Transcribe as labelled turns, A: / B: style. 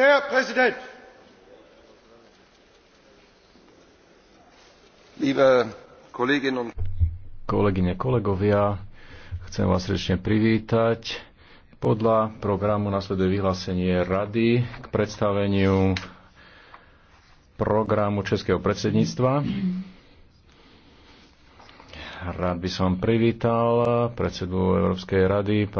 A: herr präsident
B: liebe kolleginnen und
C: kolegyne kolegovia chcem vás srdečne privítať podľa programu nasleduje vyhlásenie rady k predstaveniu programu českého predsedníctva rád by som privítal predsedu
D: Európskej rady pána